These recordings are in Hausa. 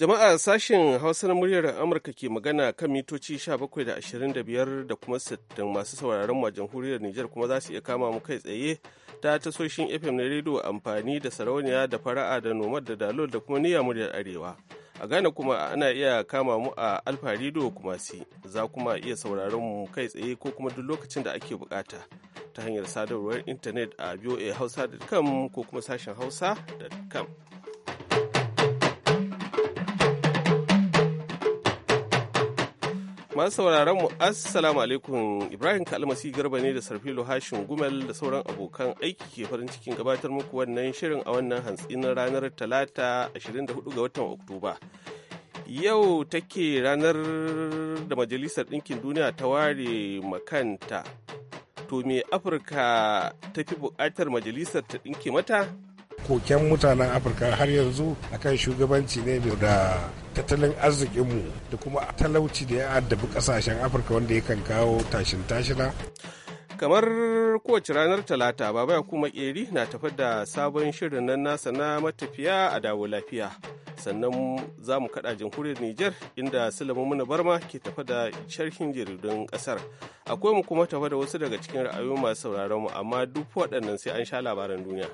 Jama'a sashen Hausa na muryar Amurka ke magana kan mitoci 17.25 da da kuma 60 masu sauraron mu a jamhuriyar Nijar kuma za su iya kama mu kai tsaye ta tasoshin FM na rediyo amfani da sarauniya da fara'a da nomad da dalol da kuma niyya muryar Arewa. A Ghana kuma ana iya kama mu a Alfa Radio kuma si za kuma iya sauraron mu kai tsaye ko kuma duk lokacin da ake bukata ta hanyar sadarwar intanet a voa hausa.com ko kuma sashen hausa.com. Masu sauraron mu assalamu alaikum Ibrahim Kalmasi Garba ne da Sarfilo Hashin Gumel da sauran abokan aiki ke farin cikin gabatar muku wannan shirin a wannan hantsi na ranar Talata 24 ga watan Oktoba. Yau take ranar da Majalisar Ɗinkin Duniya ta ware makanta. To me Afirka ta fi buƙatar Majalisar ta ɗinke mata? koken mutanen afirka har yanzu akan shugabanci ne da tattalin arzikinmu da kuma talauci da ya addabi kasashen afirka wanda yakan kawo tashin tashina kamar kowace ranar talata baba ya kuma keri na tafi da sabon shirin nan nasa na matafiya a dawo lafiya sannan za mu kada jamhuriyar niger inda sulaiman muna barma ke tafi da sharhin jaridun kasar akwai mu kuma tafi da wasu daga cikin ra'ayoyin masu sauraron mu amma duk waɗannan sai an sha labaran duniya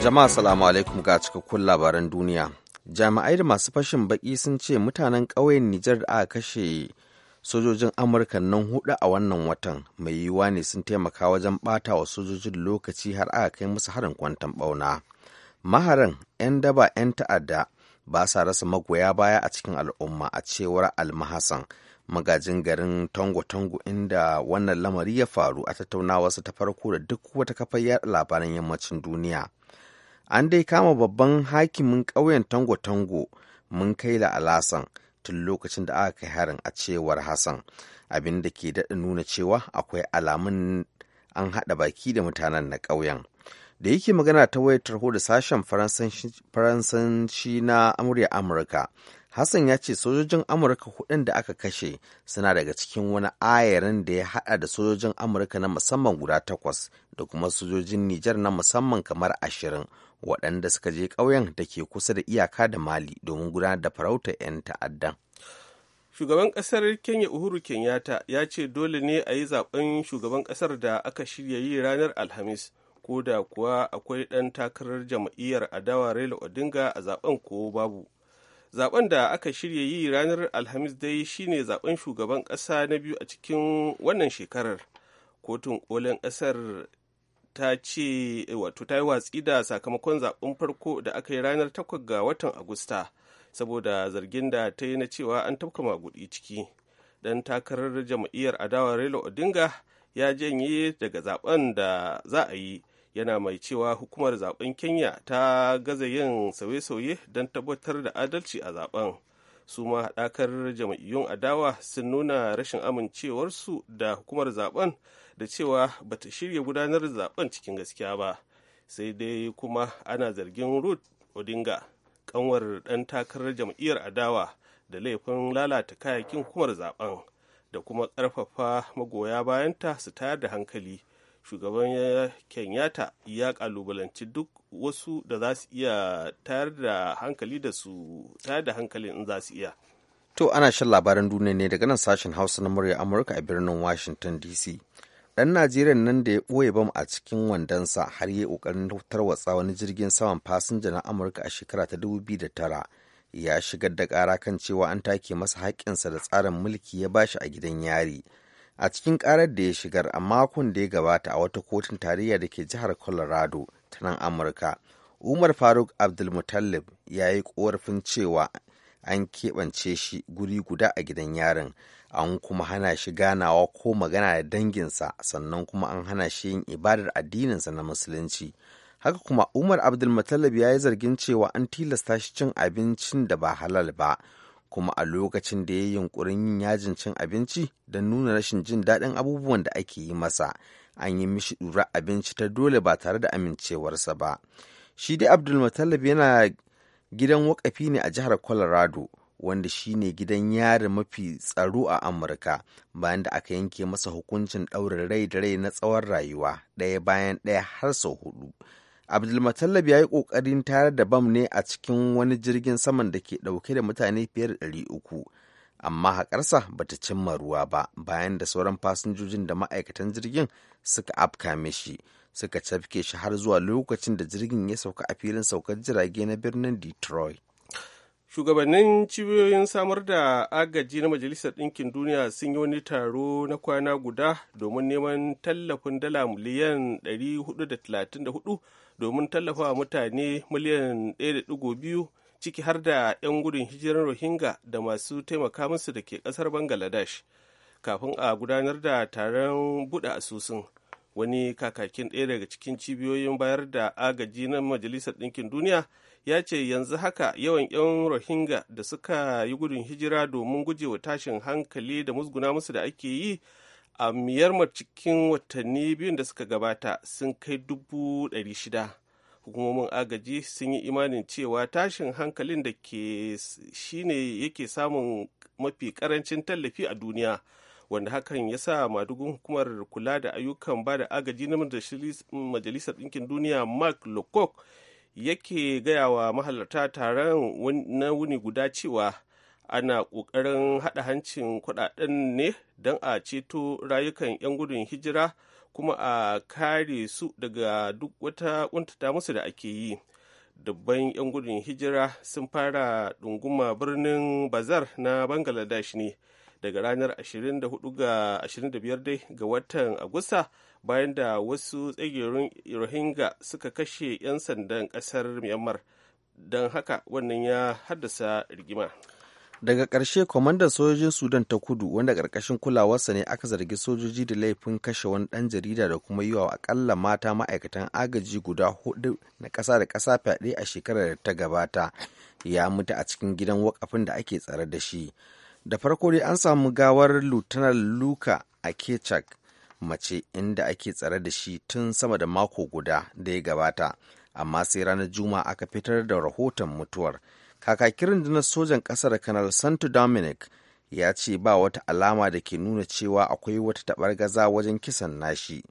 Jama'a salamu alaikum ga cikakkun labaran duniya. Jami'ai da masu fashin baki sun ce mutanen ƙauyen Nijar da aka kashe sojojin Amurka nan hudu a wannan watan mai yiwuwa ne sun taimaka wajen ɓata wa sojojin lokaci har aka kai musu harin kwantan ɓauna. Maharan 'yan daba 'yan ta'adda ba sa rasa magoya baya a cikin al'umma a cewar Almahasan magajin garin tongo-tongo inda wannan lamari ya faru a tattaunawarsa ta farko da duk wata kafar yada labaran yammacin duniya an dai kama babban hakimin ƙauyen tongo-tongo mun kai la alasan tun lokacin da aka kai harin a cewar hassan abin da ke daɗa nuna cewa akwai alamun an haɗa baki da mutanen na ƙauyen da yake magana ta wayar tarho da sashen faransanci na amurya amurka Hassan ya ce sojojin Amurka hudun da aka kashe suna daga cikin wani ayarin da ya haɗa da sojojin Amurka na musamman guda takwas da kuma sojojin Nijar na musamman kamar ashirin waɗanda suka je ƙauyen da ke kusa da iyaka da Mali domin gudanar da farauta 'yan ta'adda. Shugaban ƙasar Kenya Uhuru Kenyatta ya ce dole ne a yi zaben shugaban ƙasar da aka shirya yi ranar Alhamis. ko da kuwa akwai ɗan takarar jam'iyyar adawa Raila Odinga a zaben ko babu. zaben da aka shirya yi ranar alhamis dai shine zaben shugaban ƙasa na biyu a cikin wannan shekarar kotun kolin ƙasar ta ce eh, wato ta yi watsi da sakamakon zaben farko da aka yi ranar 8 ga watan agusta saboda zargin da ta yi na cewa an tafka magudi ciki dan takarar jam'iyyar adawa raila odinga ya janye daga zaben da za a yi yana mai cewa hukumar zaben kenya ta gaza yin sauye-sauye don tabbatar da adalci a zaben su ma haɗakar jam'iyyun adawa sun nuna rashin amincewarsu da hukumar zaben da cewa ba ta shirya gudanar da zaben cikin gaskiya ba sai dai kuma ana zargin ruth odinga kanwar ɗan takarar jam'iyyar adawa da laifin lalata kayakin hukumar zaben da kuma ƙarfafa magoya bayanta su tayar da hankali shugaban kenyatta ya kalubalanci duk wasu da za su iya tayar da hankali da su tayar da hankalin in za su iya to ana shan labaran duniya ne daga nan sashen hausa na murya amurka a birnin washington dc dan najeriya nan da ya ɓoye bam a cikin wandonsa har ya ƙoƙarin tarwatsa wani jirgin saman fasinja na amurka a shekara ta 2009 ya shigar da ƙara kan cewa an take masa haƙƙinsa da tsarin mulki ya bashi a gidan yari a cikin karar da ya shigar a makon da ya gabata a wata kotun tarayya da ke jihar colorado ta nan amurka umar faruk abdulmutallib ya yi korafin cewa an keɓance shi guri guda a gidan yarin an kuma hana shi ganawa ko magana da danginsa sannan kuma an hana shi yin ibadar addininsa na musulunci haka kuma umar abdulmutallib ya yi zargin cewa an tilasta shi cin abincin da ba halal ba kuma a lokacin da ya yi yunkurin yin yajin cin abinci don nuna rashin jin daɗin abubuwan da ake yi masa an yi mishi ɗura abinci ta dole ba tare da amincewarsa ba shi dai abdulmutallab yana gidan wakafi ne a jihar colorado wanda shi ne gidan yari mafi tsaro a amurka bayan da aka yanke masa hukuncin ɗaurin rai da rai na tsawon rayuwa ɗaya bayan ɗaya har sau huɗu. abdulmatallab ya yi ƙoƙarin tare da bam ne a cikin wani jirgin saman da ke ɗauke da mutane fiye da ɗari uku amma haƙarsa ba ta cimma ruwa ba bayan da sauran fasinjojin da ma'aikatan jirgin suka afka shi suka cafke shi har zuwa lokacin da jirgin ya sauka a filin saukar jirage na birnin detroit shugabannin cibiyoyin samar da agaji na majalisar ɗinkin duniya sun yi wani taro na kwana guda domin neman tallafin dala miliyan 434 domin tallafa mutane miliyan 1.2 ciki har da 'yan gudun hijirar rohingya da masu taimaka musu da ke ƙasar bangladesh kafin a gudanar da taron buɗe asusun wani kakakin ɗaya daga cikin cibiyoyin bayar da agaji na majalisar ɗinkin duniya ya ce yanzu haka yawan 'yan rohingya da suka yi gudun hijira domin gujewa tashin hankali da musguna musu da ake yi a miyar cikin watanni biyun da suka gabata sun kai dubu ɗari shida hukumomin agaji sun yi imanin cewa tashin hankalin da ke shine yake samun mafi karancin tallafi a duniya wanda hakan ya sa madugun hukumar kula da ayyukan ba da agaji na majalisar ɗinkin duniya mark lecoq yake gaya wa mahalarta taron na wuni guda cewa ana ƙoƙarin haɗa hancin kuɗaɗen ne don a ceto rayukan 'yan gudun hijira kuma a kare su daga duk wata ƙuntata musu da ake yi dubban 'yan gudun hijira sun fara ɗunguma birnin bazar na bangladesh ne daga ranar 24 ga 25 ga watan agusta bayan da wasu tsagerun rohingya suka kashe 'yan sandan kasar myanmar don haka wannan ya haddasa rigima daga ƙarshe kwamandan sojojin sudan ta kudu wanda ƙarƙashin kulawarsa ne aka zargi sojoji da laifin kashe wani ɗan jarida da kuma yi wa akalla mata ma'aikatan agaji guda hudu na ƙasa da ƙasa fyaɗe a shekarar da ta gabata ya mutu a cikin gidan wakafin da ake tsare da shi da farko dai an samu gawar lutanar luka a mace inda ake tsare da shi tun sama da mako guda da ya gabata amma sai ranar juma aka fitar da rahoton mutuwar kakakirin na sojan ƙasar kanal santo dominic ya ce ba wata alama da ke nuna cewa akwai wata taɓargaza wajen kisan nashi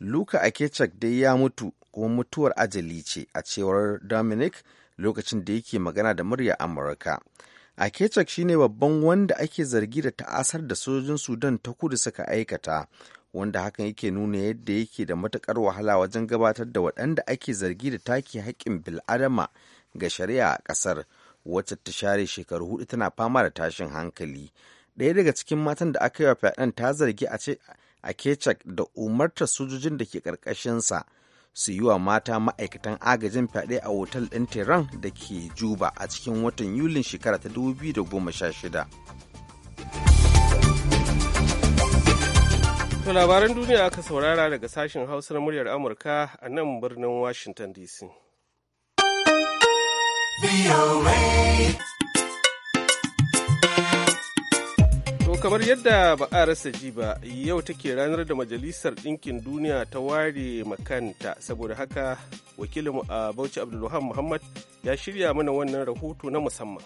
luka akechak dai ya mutu kuma mutuwar ajali ce a cewar dominic lokacin da yake magana da murya amurka a Akechak shine babban wanda ake zargi da ta'asar da sojojin Sudan ta kudu suka aikata, wanda hakan yake nuna yadda yake da matukar wahala wajen gabatar da waɗanda ake zargi da take haƙƙin bil'adama ga shari'a a ƙasar, wacce ta share shekaru hudu tana fama da tashin hankali. Ɗaya daga cikin matan da aka yi wa fyaɗen ta zargi a kecak da umartar sojojin da ke ƙarƙashinsa. su yi wa mata ma'aikatan agajin fyaɗe a otal ɗin tehran da ke juba a cikin watan yulin shekara ta 2016 To labaran duniya aka saurara daga sashen hausar muryar amurka a nan birnin washington dc kamar yadda ba a rasa ji ba yau take ranar da majalisar ɗinkin duniya ta ware makanta saboda haka wakilinmu a bauchi abdulluhan muhammad ya shirya mana wannan rahoto na musamman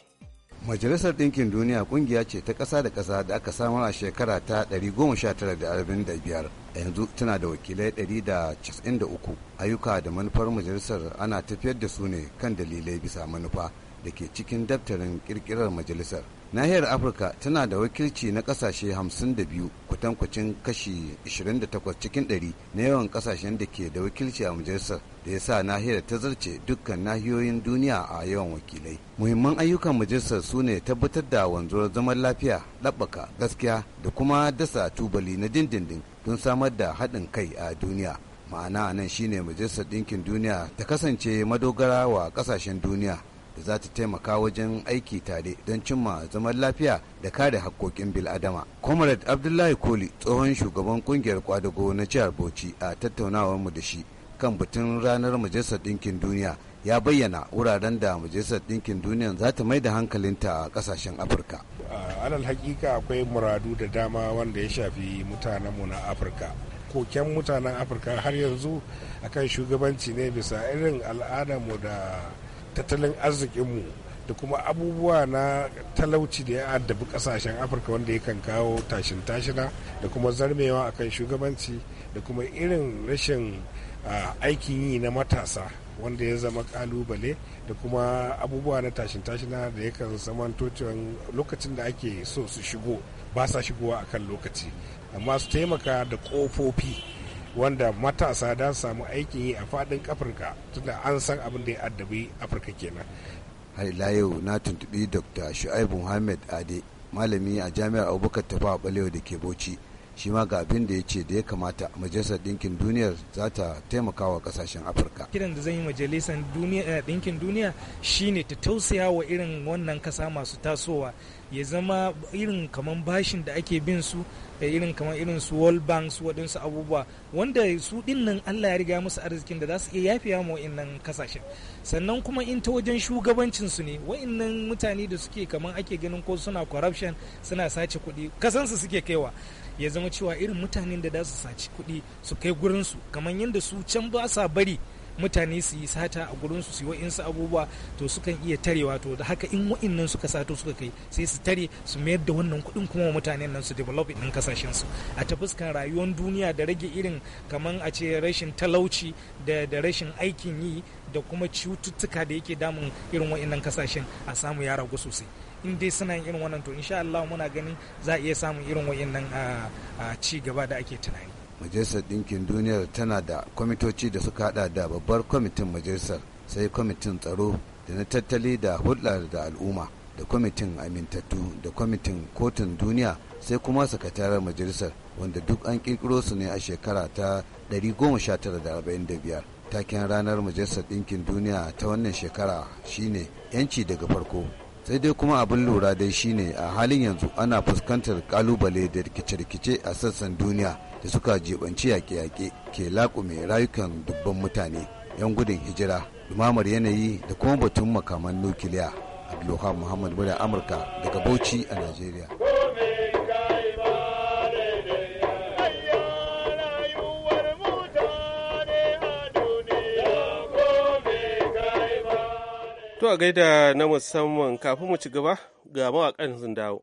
majalisar ɗinkin duniya ƙungiya ce ta ƙasa da ƙasa da aka samar a shekara ta 1945 yanzu tana da wakilai 193 ayyuka da manufar majalisar ana tafiyar da su ne kan dalilai bisa manufa da ke cikin daftarin ƙirƙirar majalisar nahiyar afirka tana da wakilci na kasashe 52 kwatankwacin kashi 28 cikin 100 na yawan kasashen da ke da wakilci a majalisar da ya sa nahiyar ta zarce dukkan nahiyoyin duniya a yawan wakilai muhimman ayyukan majalisar su ne tabbatar da wanzuwar zaman lafiya labbaka gaskiya da kuma dasa tubali na dindindin don samar da haɗin kai a duniya ma'ana nan shine majalisar ɗinkin duniya ta kasance madogara wa ƙasashen duniya da za ta taimaka wajen aiki tare don cimma zaman lafiya da kare hakkokin bil'adama. comrade abdullahi koli tsohon shugaban kungiyar kwadago na jihar bauchi a tattaunawarmu da shi kan batun ranar majalisar ɗinkin duniya ya bayyana wuraren da majalisar ɗinkin duniya za ta mai da hankalinta a ƙasashen afirka alal hakika akwai muradu da dama wanda ya shafi mutanenmu na afirka koken mutanen afirka har yanzu akan shugabanci ne bisa irin al'adarmu da tattalin arzikinmu da kuma abubuwa na talauci da ya addabi kasashen afirka wanda yakan kawo tashin tashina da kuma zarmewa akan shugabanci da kuma irin rashin aikin yi na matasa wanda ya zama kalubale da kuma abubuwa na tashin tashina da yakan zamanto lokacin da ake so su shigo ba sa shigowa akan lokaci amma su taimaka da kofofi wanda matasa don samu aikin yi a faɗin afirka tunda an san abin da ya addabi afirka kenan har ila yau na tuntubi dr shu'aibu muhammad ade malami a jami'ar abubakar tafa balewa da ke bauchi shi ma ga abin da ya ce da ya kamata majalisar ɗinkin duniyar za ta taimaka wa ƙasashen afirka kiran da zan yi majalisar eh, ɗinkin duniya shine ta tausaya wa irin wannan kasa masu tasowa ya zama irin kamar bashin da ake bin su da eh, irin kamar irin su world bank su waɗansu abubuwa wanda su dinnan allah ya riga musu arzikin da za su iya yafiya ma wa'innan kasashen sannan kuma in ta wajen shugabancin su ne wa'innan mutane da suke kamar ake ganin ko suna corruption suna sace kuɗi kasansu suke kaiwa ya zama cewa irin mutanen da za su saci kuɗi su kai gurinsu kamar yadda su can ba sa bari mutane su yi sata a gurinsu su yi wa'insu abubuwa to sukan iya tarewa to da haka in wa'innan suka sato suka kai sai su tare su mayar da wannan kuɗin kuma mutanen nan su develop ɗin su a ta fuskan rayuwar duniya da rage irin kaman a ce rashin talauci da da rashin aikin yi da kuma cututtuka da yake damun irin wa'innan kasashen a samu ya ragu sosai in dai suna yin irin wannan to insha Allah muna ganin za a iya samun irin a ci gaba da ake tunani majalisar ɗinkin duniyar tana da kwamitoci da suka hada da babbar kwamitin majalisar sai kwamitin tsaro da na tattali da hulɗa da al'umma da kwamitin amintattu da kwamitin kotun duniya sai kuma sakataren majalisar wanda duk an kirkiro su ne a shekara ta 1945 taken ranar majalisar ɗinkin duniya ta wannan shekara shine 'yanci daga farko sai dai kuma abin lura dai shine a halin yanzu ana fuskantar kalubale da rikice-rikice a sassan duniya da suka jibanci yaƙe-yaƙe ke laƙume rayukan dubban mutane 'yan gudun hijira dumamar yanayi da kuma batun makaman nukiliya abdulhamid muhammad murya amurka daga bauchi a najeriya To a gaida na musamman kafin mu ci gaba ga mawaƙan sun dawo.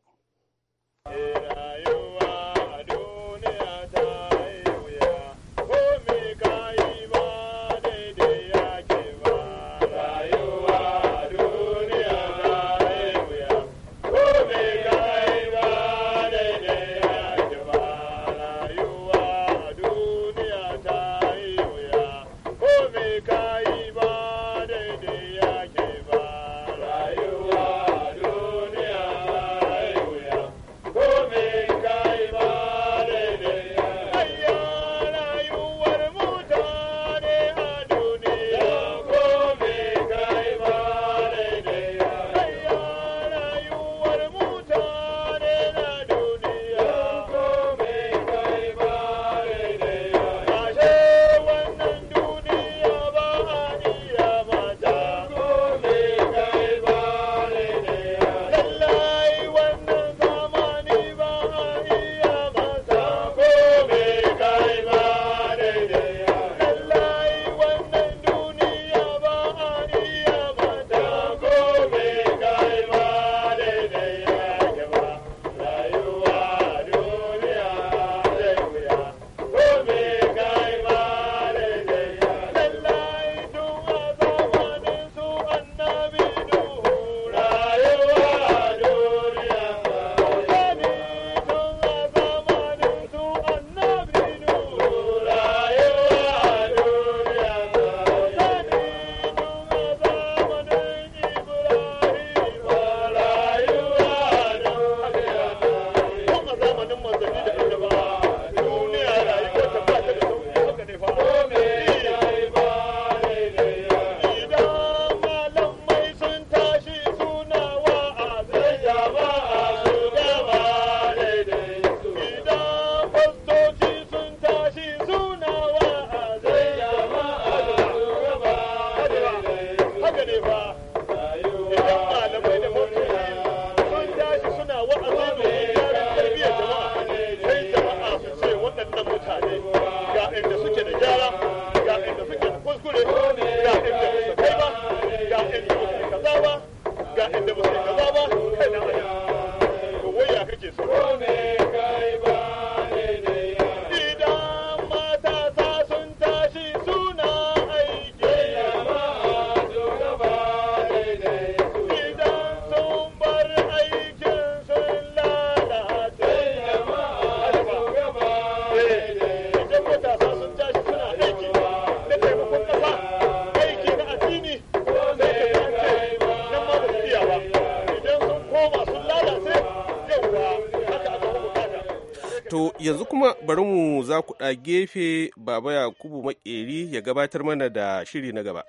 gefe baba yakubu makeri ya gabatar mana da shiri na gaba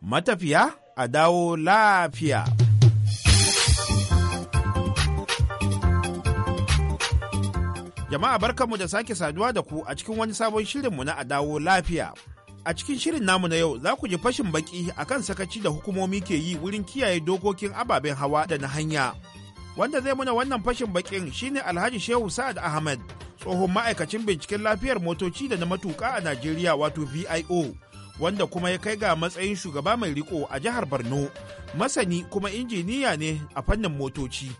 matafiya a dawo lafiya jama'a barkanmu da sake saduwa da ku a cikin wani sabon shirinmu na a dawo lafiya a cikin shirin namu na yau za ku ji fashin baki kan sakaci da hukumomi ke yi wurin kiyaye dokokin ababen hawa da na hanya wanda zai muna wannan fashin bakin shine alhaji shehu sa'ad ahmed tsohon ma'aikacin binciken lafiyar motoci da na matuƙa a Najeriya wato VIO, wanda kuma ya kai ga matsayin shugaba mai riko a jihar Borno, masani kuma injiniya ne a fannin motoci.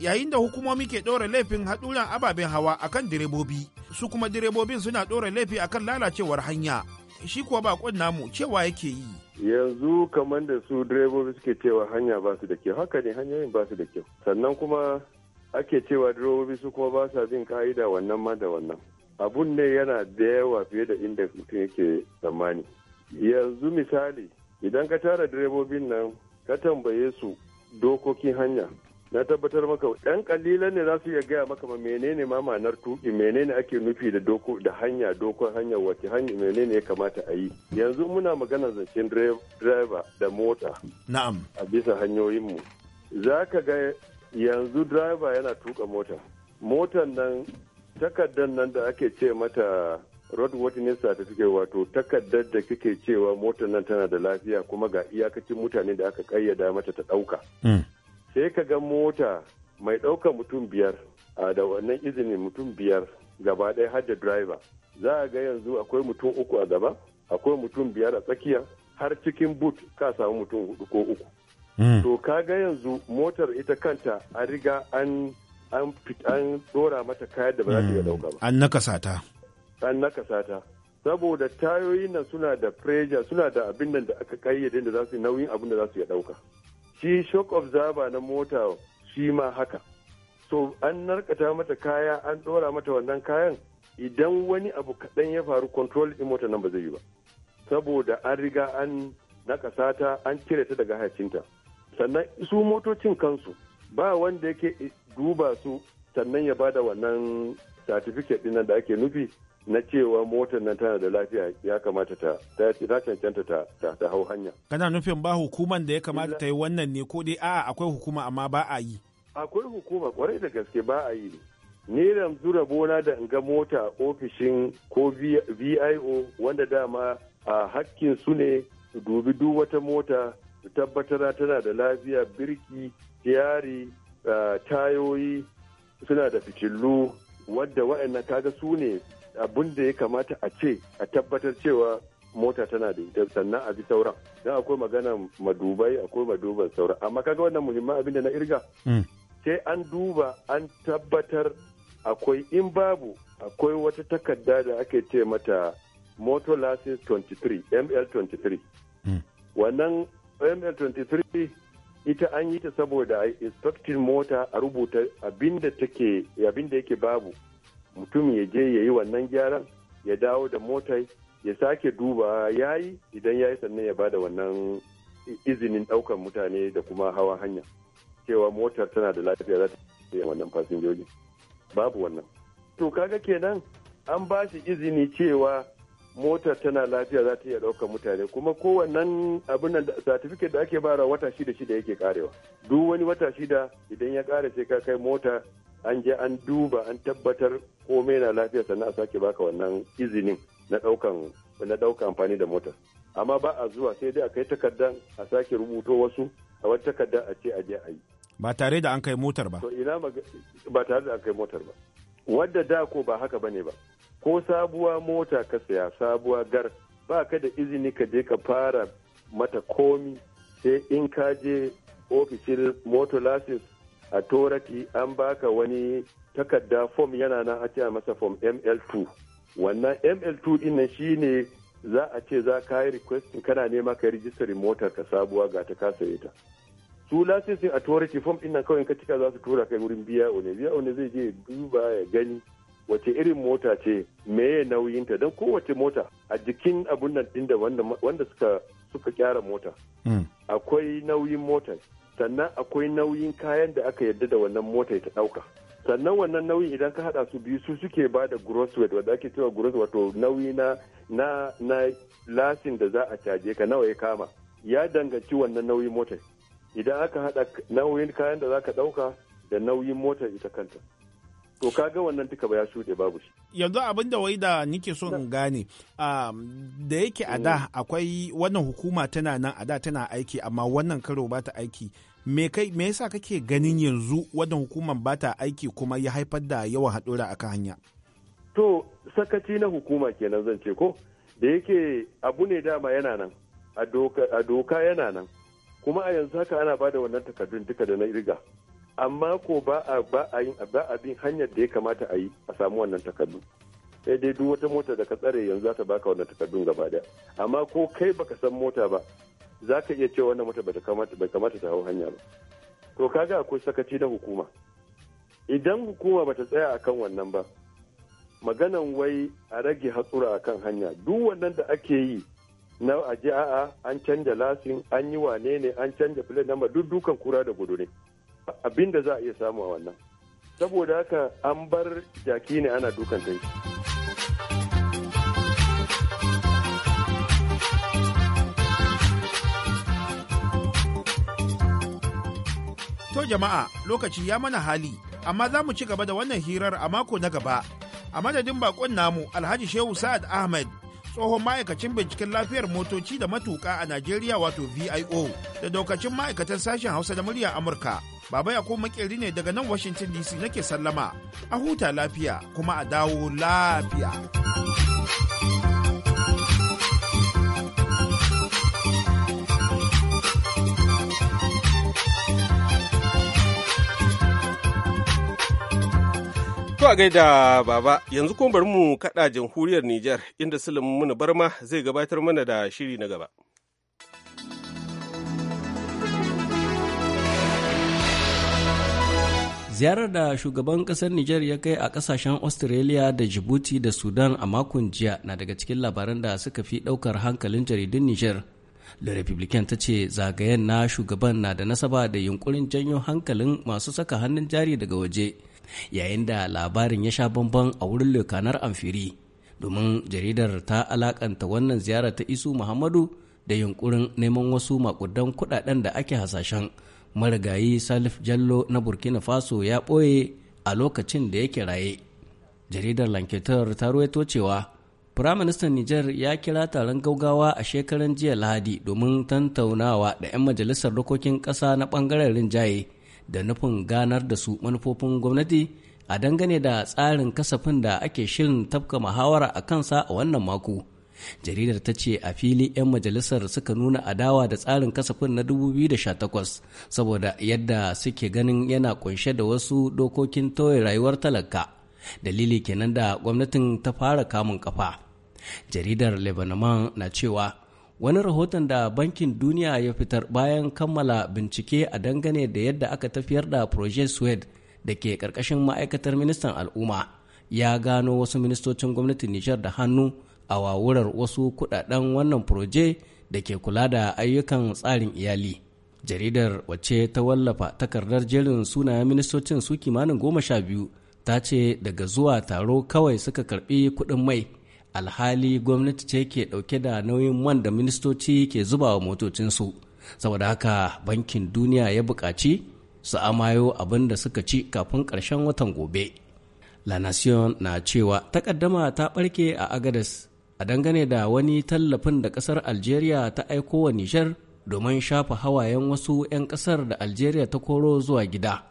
Yayin da hukumomi ke ɗora laifin haɗuran ababen hawa akan direbobi, su kuma direbobin suna ɗora laifi akan lalacewar hanya. Shi kuwa bakon namu cewa yake yi. yanzu kamar da su direbobi suke cewa hanya ba su da kyau haka ne hanyoyin ba su da kyau sannan kuma ake cewa direbobi su kuma ba sa bin ka'ida wannan ma da wannan abun ne yana da yawa fiye da inda mutum yake tsammani yanzu misali idan ka tara direbobin nan ka tambaye su dokokin hanya na tabbatar maka ɗan kalilan ne za su iya gaya maka menene ma ma'anar tuki menene ake nufi da doko da hanya dokon hanya wace hanya menene ya kamata a yi yanzu muna magana zancen direba da mota a bisa hanyoyinmu za ka ga yanzu driver yana tuka mota motan nan takardar nan da ake ce mata ta certificate wato takardar da kike cewa motar nan tana da lafiya kuma ga iyakacin mutane da aka kayyada mata ta ɗauka. Hmm. Sai ka ga mota mai ɗauka mutum biyar a da wannan izinin mutum biyar gaba ɗaya har da driver. Za a ga yanzu akwai mutum uku a gaba, akwai mutum biyar a tsakiya, har cikin boot ka samu mutum hudu ko uku. Mm. to ka ga yanzu motar ita kanta an riga an an an dora mata kayan da ba za ta iya dauka mm. ba an nakasa ta an nakasa ta saboda tayoyin nan suna da pressure suna da abin nan da aka kayyade da za su nauyin abin da za su iya dauka shi shock observer na mota shi ma haka so an narkata mata kaya an dora mata wannan kayan idan wani abu kaɗan ya faru control din motar nan ba zai yi ba saboda an riga an nakasa ta an cire ta daga hayacinta sannan su motocin kansu ba wanda yake duba su sannan ya bada wannan certificate din da ake nufi na cewa motar nan tana da lafiya ya kamata ta ta cancanta ta ta hau hanya kana nufin ba hukuman da ya kamata ta yi wannan ne ko dai a'a akwai hukuma amma ba a yi akwai hukuma kwarai da gaske ba a yi ni zura bona da in ga mota ofishin ko vio wanda dama a hakkin su ne dubi duk wata mota su tabbatar tana da lafiya birki tiyari tayoyi suna da fitilu wadda waɗannan kaga su ne abin da ya kamata a ce a tabbatar cewa mota tana da ita sannan a bi sauran don akwai magana madubai akwai maduban sauran amma kaga wannan muhimman abin da na irga hmm. sai an duba an tabbatar akwai in babu akwai wata takarda da ake ce mata motor license 23 ml 23 wannan ml 23 ita an yi ta saboda a inspectin mota a rubuta abinda take abinda yake babu mutum ya je ya yi wannan gyaran ya dawo da mota ya sake duba ya yi idan ya yi sannan ya bada wannan izinin daukan mutane da kuma hawa hanya cewa motar tana da lafiya za ta yi wannan fasinjoji babu wannan to kaga kenan an ba shi izini cewa motar tana lafiya za ta iya ɗaukar mutane kuma kowannen abin da certificate da ake bara wata shida shida yake karewa duk wani wata shida idan ya kare sai ka kai mota an je an duba an tabbatar komai na lafiya sannan a sake baka wannan izinin na ɗaukan na ɗaukan amfani da mota amma ba a zuwa sai dai a kai takardar a sake rubuto wasu a wata takardar a ce a je a yi ba tare da an kai motar ba ba tare da an kai motar ba wadda da ko ba haka bane ba ko sabuwa mota ka saya sabuwa gar ba ka da izini ka je ka fara mata komi sai in ka je ofishin lasis a torati an baka wani takarda fom yana nan a ce masa fom ml2 wannan ml2 dinnan shine za a ce za ka yi requesting kana nema ka rijistar motar ka sabuwa ga ta kasa ta su licensing authority fom dinnan kawai ka cika za su tura kai wurin biya one biya one zai je duba ya gani wace irin mota ce meye nauyinta don kowace mota a jikin abun nan din da wanda suka suka kyara mota hmm. akwai nauyin motar sannan akwai nauyin kayan da aka yarda da wannan mota ta dauka sannan wannan nauyi idan ka hada su biyu su suke ba da gross weight wanda ake cewa gross wato nauyi na na na lasin da za a caje ka nawa ya kama ya danganci wannan nauyin motar idan aka hada nauyin kayan da zaka ka dauka da nauyin motar ita kanta to ga wannan duka ba ya shuɗe babu shi yanzu abin da wai da nike so in gane um, da yake a da mm. akwai wannan hukuma tana nan a da tana aiki amma wannan karo ba ta aiki me kai me yasa kake ganin yanzu wannan hukumar ba ta aiki kuma ya haifar da yawan haɗura akan hanya to sakaci na hukuma kenan zan ce ko da yake abu ne dama yana nan a doka yana nan kuma a yanzu haka ana bada wannan takardun duka da na riga amma ko ba a ba a yin ba a bin hanyar da ya kamata a yi a samu wannan takardu sai dai duk wata mota da ka tsare yanzu za ta baka wannan takardun gaba daya amma ko kai baka san mota ba za ka iya cewa wannan mota bata kamata bai kamata ta hau hanya ba to kaga akwai sakaci na hukuma idan hukuma bata tsaya akan wannan ba maganan wai a rage hatsura akan hanya duk wannan da ake yi na aji a'a an canja lasin an yi wane ne an canja filin namba duk dukan kura da gudu ne abin da za a iya samu a wannan saboda haka an bar jaki ne ana dukan tanki To jama'a lokaci ya mana hali amma za mu ci gaba da wannan hirar a mako na gaba a madadin bakon namu alhaji shehu sa'ad ahmed tsohon ma'aikacin binciken lafiyar motoci da matuka a najeriya wato vio da daukacin ma'aikatan sashen hausa da murya amurka Baba Yakubu makeri ne daga nan Washington DC nake sallama. A huta lafiya kuma a dawo lafiya. To a gaida baba yanzu kuma bari mu kada jamhuriyar Nijar inda Sulaimu muna Barma zai gabatar mana da shiri na gaba. ziyarar da shugaban kasar Nijar ya kai a kasashen Australia da Djibouti da Sudan a makon jiya na daga cikin labaran da suka fi daukar hankalin jaridun Nijar. Le Republican ta ce zagayen na shugaban na da nasaba da yunkurin janyo hankalin masu saka hannun jari daga waje, yayin da labarin ya sha bamban a wurin lokanar amfiri. Domin jaridar ta alakanta wannan ziyara ta Isu Muhammadu da yunkurin neman wasu makudan kudaden da ake hasashen marigayi salif jallo na burkina faso ya ɓoye a lokacin da yake raye jaridar lanketar ta ruwaito cewa firaministan Nijar ya kira taron gaugawa a shekaran jiya lahadi domin tantaunawa da 'yan majalisar dokokin ƙasa na ɓangaren rinjaye da nufin ganar da su manufofin gwamnati a dangane da tsarin kasafin da ake shirin tafka muhawara a kansa a wannan mako. jaridar ta ce a fili 'yan majalisar suka nuna adawa da tsarin kasafin na 2018 saboda yadda suke ganin yana kunshe da wasu dokokin toye rayuwar talaka dalili kenan da gwamnatin ta fara kamun kafa jaridar lebanon na cewa wani rahoton da bankin duniya ya fitar bayan kammala bincike a dangane da yadda aka tafiyar da project swed da ke ƙarƙashin ma'aikatar ministan al'umma ya gano wasu ministocin gwamnatin nijar da hannu a wawurar wasu kudaden wannan furoje da ke kula da ayyukan tsarin iyali jaridar wace ta wallafa takardar jerin sunayen ministocin su kimanin goma sha biyu ta ce daga zuwa taro kawai suka karbi kuɗin mai alhali gwamnati ce ke ɗauke da nauyin man da ministoci ke zuba wa motocinsu saboda haka bankin duniya ya buƙaci su amayo abin da suka ci kafin ƙarshen watan gobe la nation na cewa takaddama ta ɓarke a agadas a dangane da wani tallafin da ƙasar algeria ta aiko wa nijar domin shafa hawayen wasu 'yan ƙasar da algeria ta koro zuwa gida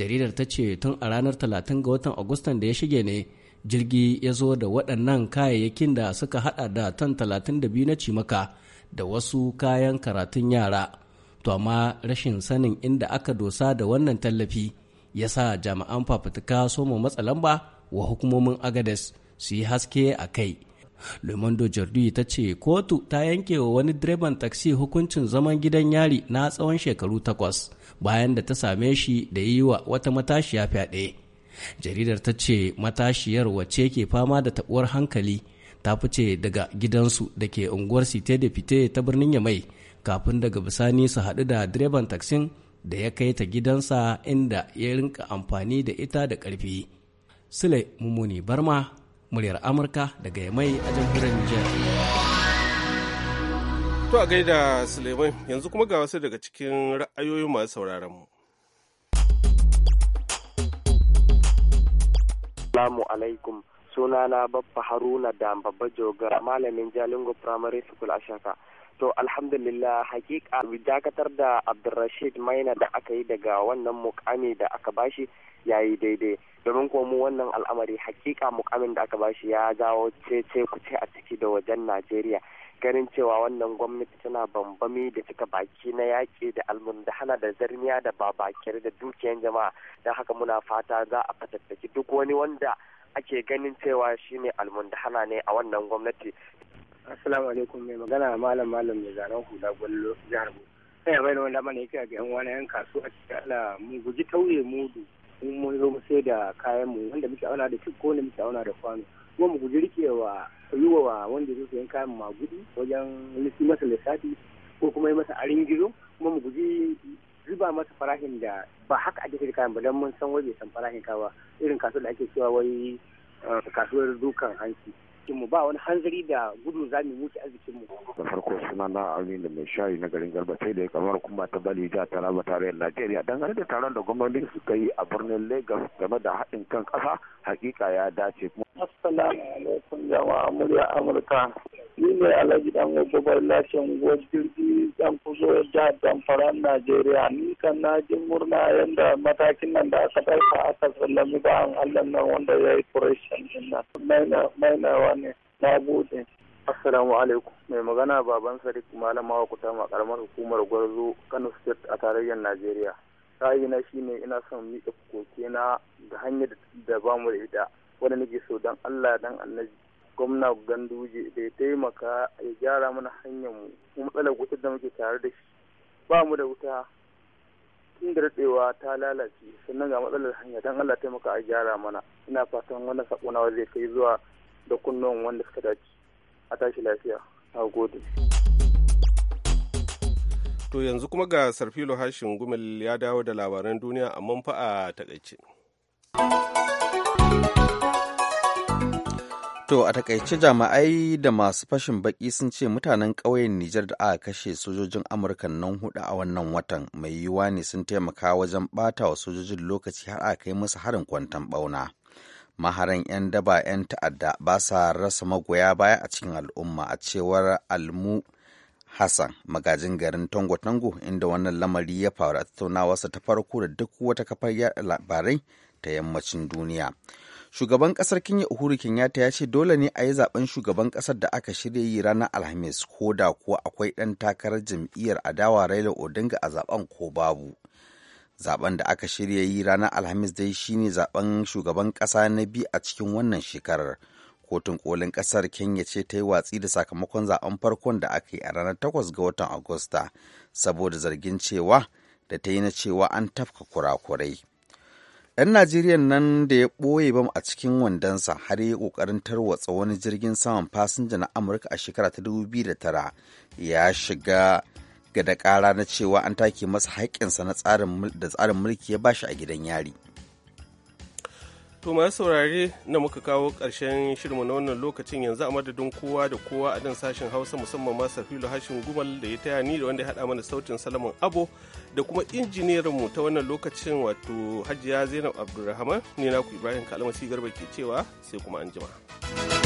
jaridar ta ce tun a ranar 30 ga watan agustan da ya shige ne jirgi ya zo da waɗannan kayayyakin da suka haɗa da ton 32 na cimaka da wasu kayan karatun yara to amma rashin sanin inda aka dosa da wannan tallafi ya sa jami'an fafutuka soma matsa lamba wa hukumomin agades su yi haske a kai lumando Jardu ta ce kotu ta yanke wa wani direban taksi hukuncin zaman gidan yari na tsawon shekaru takwas bayan da ta same shi da yi wa wata matashiya fyaɗe. Jaridar ta ce matashiyar wacce ke fama da taɓuwar hankali ta fice daga gidansu da ke unguwar Site da Fite ta birnin Yamai kafin daga bisani su haɗu da direban taksin da ya kai ta gidansa inda ya rinka amfani da ita da ƙarfi. Sule Mumuni Barma muryar Amurka daga Yamai a jamhuriyar Nijar. To a gaida Suleiman yanzu kuma ga wasu daga cikin ra'ayoyin masu sauraron mu. Assalamu alaikum sunana Baffa Haruna da Babba Joga malamin Jalingo Primary School a Shaka. To alhamdulillah hakika dakatar da Abdulrashid Maina da aka yi daga wannan mukami da aka bashi ya yi daidai. Domin kuma mu wannan al'amari hakika mukamin da aka bashi ya jawo cece kuce a ciki da wajen Najeriya. Ganin cewa wannan gwamnati tana bambami da cika baki na yaƙi da almundahana da zarmiya da babakir da dukiyan jama'a. Don haka muna fata za a fatattaki duk wani wanda ake ganin cewa shine almundahana ne a wannan gwamnati assalamu alaikum mai magana malam malam mai zanen hula gwallo jihar bauchi sai ya bayyana wanda mana yake ga yan wani yan kasuwa a cikin ala mu guji tauye mudu in mun zo mu sai da kayan mu wanda muke auna da cik ko wanda muke auna da kwano kuma mu guji rikewa yiwa wanda zai sayan kayan gudu wajen lissi masa lissafi ko kuma yi masa arin gizo kuma mu guji zuba masa farashin da ba haka ake da kayan ba don mun san wai bai san farashin kawa irin kasuwar da ake cewa wai eh, kasuwar dukan hanci arzikinmu ba wani hanzari da gudu za mu wuce arzikinmu. da farko suna na da mai shayi na garin garba sai da ya kamar kuma ta bali ja tare tarayyar najeriya dangane da taron da gwamnati suka yi a birnin lagos game da haɗin kan ƙasa hakika ya dace. Assalamu alaikum jama'a murya Amurka. Ni ne Alhaji Dan Gobar Lashin Gwajirgi Dan Kuzo Jihar faran Najeriya. Ni kan na ji murna yadda matakin nan da aka ɗauka aka sallami an Allah nan wanda ya yi kureshin nan. Mainawa ne. Na gode. Assalamu alaikum. Mai magana baban Sadiq Malamawa Kutama, ma karamar hukumar Gwarzo Kano State a tarayyar Najeriya. ra'ayi na ne ina son miƙa koke na da hanyar da ba mu da ita wanda nake so don Allah dan annabi gwamna ganduje da ya taimaka ya gyara mana hanyar mu mu matsalar wutar da muke tare da shi ba mu da wuta tun da daɗewa ta lalace sannan ga matsalar hanya don Allah taimaka a gyara mana ina fatan wannan sakona zai kai zuwa da kunnuwan wanda suka dace a tashi lafiya na gode. To yanzu kuma ga Sarfilo Hashin Gumel ya dawo da labaran duniya a manfa a takaice. To a takaice jama'ai da masu fashin baki sun ce mutanen ƙauyen Nijar da aka kashe sojojin Amurka nan hudu a wannan watan mai yiwuwa ne sun taimaka wajen ɓata wa sojojin lokaci har aka kai musu harin kwantan bauna Maharan 'yan daba 'yan ta'adda ba sa rasa magoya baya a cikin al'umma a cewar almu Hassan magajin garin Tango Tango inda wannan lamari ya faru a tattaunawarsa ta farko da duk wata kafar yada labarai ta yammacin duniya. Shugaban kasar Kenya Uhuru Kenyatta ya ce dole ne a yi zaben shugaban ƙasar da aka shirya yi ranar Alhamis ko da kuwa akwai ɗan takarar jam'iyyar adawa Raila Odinga a zaben ko babu. Zaben da aka shirya yi ranar Alhamis dai shine zaben shugaban ƙasa na biyu a cikin wannan shekarar. kotun kolin kasar kenya ce ta yi watsi da sakamakon zaben farkon da aka yi a ranar 8 ga watan agusta saboda zargin cewa da ta yi na cewa an tafka kurakurai ɗan najeriya nan da ya ɓoye bam a cikin wandonsa har yi ƙoƙarin tarwatsa wani jirgin saman fasinja na amurka a shekara ta 2009 ya shiga ga da ƙara na cewa an take masa haƙƙinsa da tsarin mulki ya bashi a gidan yari To masu saurare na muka kawo ƙarshen shirinmu na wannan lokacin yanzu a madadin kowa da kowa a dan sashen Hausa musamman ma Safilu Hashin Gumal da ya taya ni da wanda ya haɗa mana sautin Salaman Abo da kuma mu ta wannan lokacin wato Hajiya Zainab Abdulrahman ni ku Ibrahim Kalmasi Garba ke cewa sai kuma anjima.